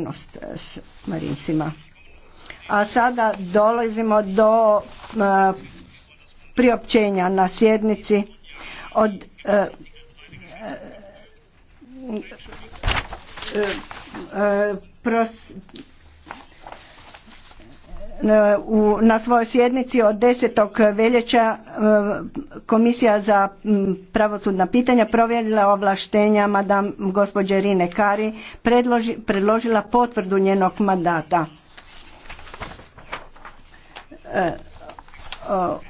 solidarnost eh, s Marincima. A sada dolazimo do eh, priopćenja na sjednici od eh, pros E, na svojoj sjednici od 10. veljača e, Komisija za pravosudna pitanja provjerila ovlaštenja madam gospođe Rine Kari, predložila potvrdu njenog mandata. E,